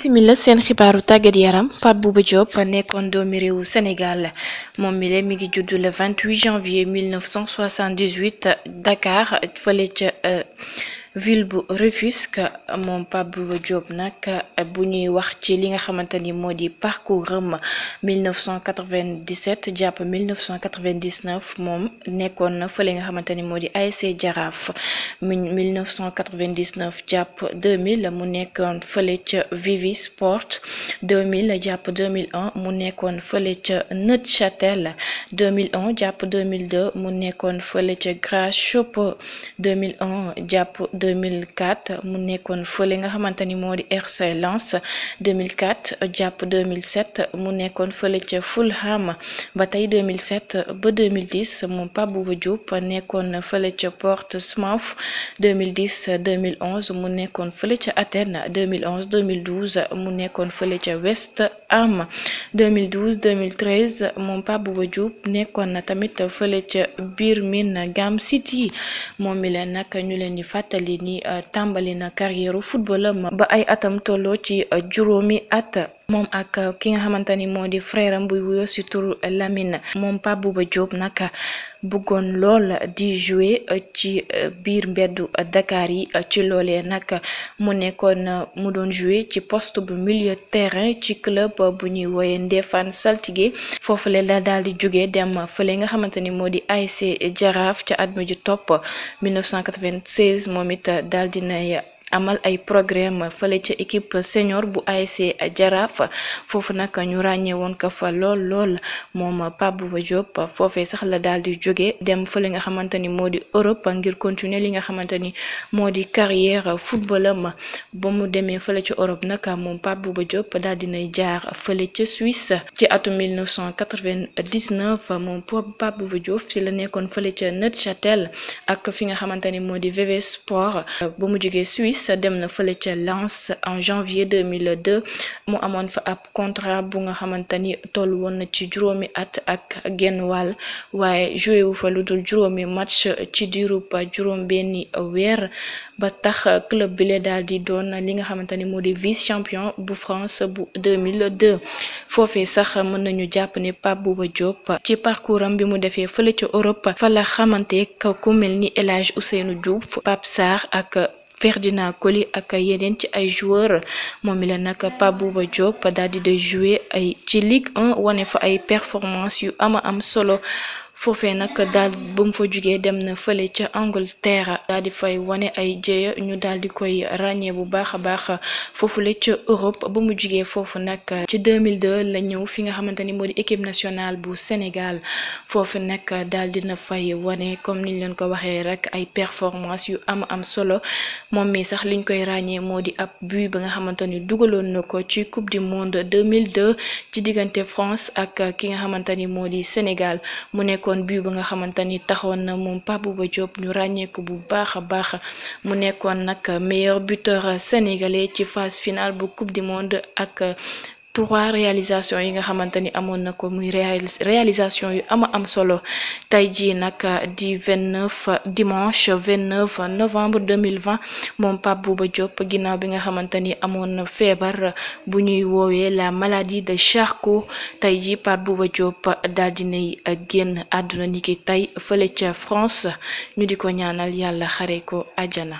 bisimila seen xibaaru tàggat yaram Pape Bouba Diop nekkoon doomi réewu Sénégal moom mi le mi ngi judd le 28 janvier 1978 Dakar euh, ville bu mon moom job Bouba Diop nag bu ñuy wax ci li nga xamante modi parcours 1997 japp 1999 mon, nekkoon na fële nga xamante modi ASC 1999 japp 2000 mu nekkoon fele ci Vivi Sport 2000 japp 2001 mu nekkoon fele ci Neuchâtel 2001 japp 2002 mu nekkoon fele ci Grasse Chapelle 2001 2004 mu nekkoon fële nga xamante ni moo di RC Lens 2004 jàpp 2007 mu nekkoon fële ca Fulham ba tey 2007 ba 2010 moom Pape Bouba Diop nekkoon na fële ca Portsmouth 2010 2011 mu nekkoon fële ca Athènes 2011 2012 mu nekkoon fële ca West Ham 2012 2013 moom Pape Bouba Diop nekkoon na tamit fële ca Birmingham City moom mi leen nag ñu leen fàttali. ni euh, tàmbali na carrièreu footballam ba ay atam tolloo ci euh, juróomi at. moom ak euh, ki nga xamante ni moo di frère am buy wuyoo si tur Lamine moom Pape Bouba Diop nag bëggoon lool di jouer euh, ci euh, biir mbeddu Dakar yi ci loole nag mu nekkoon na mu doon jouer ci post bu milieu terrain ci club bu ñuy woowee Ndefane Saltigué foofu la daal di jóge dem fële nga xamante ni moo di ASC Jaraaf ca at mu ji topp 1996 moom it daal di nay amal ay programme fele ci équipe senior bu ASC Jaraaf fofu nak ñu ràññee won ka fa lol lol mom Pape Bouba fofé sax la dal di jóge dem fele nga xamante modi Europe ngir continuer li nga xamante modi carrière footballam ba mu demee fële ca Europe nak mom Pape Bouba Diop daal dinay jaar fele ci Suisse ci atum 1999 moom Pape Bouba ci si la nekkoon fele ci Neuchâtel ak fi nga xamante modi VV Sport ba mu Suisse. Sa dem na fele ci lance en janvier 2002 mu amone fa ab contrat bu nga xamante tollu won na ci juróomi at ak genn wàll waaye joué wu fa lu dul match ci diirub juróom benni weer ba tax club bi le dal di don li nga xamante modi vice champion bu France bu 2002 fofé sax meun nañu japp ne Pape Bouba Diop ci parcours am bi mu defé fele ci Europe fa la ko ku melni elage El Hadj Ousseynou Diouf Pape Sarr ak Ferdinand Coli ak yeneen ci ay joueurs moom la Diop daal de jouer ay ci Ligue 1 wane fa ay performance yu ama am solo foofee nag daal ba mu fa jugee dem na fële ca Angleterre daal di fay wane ay jéeya ñu daal di koy ràññee bu baax a baax foofule ca Europe ba mu jugee foofu nag ci 2002 la ñëw fi nga xamante ni moo di équipe nationale bu Sénégal foofu nag daal di na fay wane comme niñ leen ko waxee rek ay performance yu am am solo moom mi sax liñ koy ràññee moo di ab but ba nga xamante ni dugaloon na ko ci coupe du monde 2002 ci diggante France ak ki nga xamante ni moo di Sénégal nekkoon but ba nga xamante ni taxoon na moom Pape Bouba Diop ñu ràññeeku bu baax a baax mu nekkoon nag meilleur buteur sénégalais ci phase finale bu coupe du monde ak trois réalisation yi nga xamante ni amoon na ko muy réalisation yu ama am solo tey jii nag di vingt neuf dimanche vingt neuf novembre deux mille vingt moom Pape Bouba Diop ginnaaw bi nga xamante ni amoon na feebar bu ñuy woowee la maladie de Charcot tey jii Pape Bouba Diop daal di nay génn àdduna niki tey fële ca France ñu di ko ñaanal yàlla xare ko àjjana.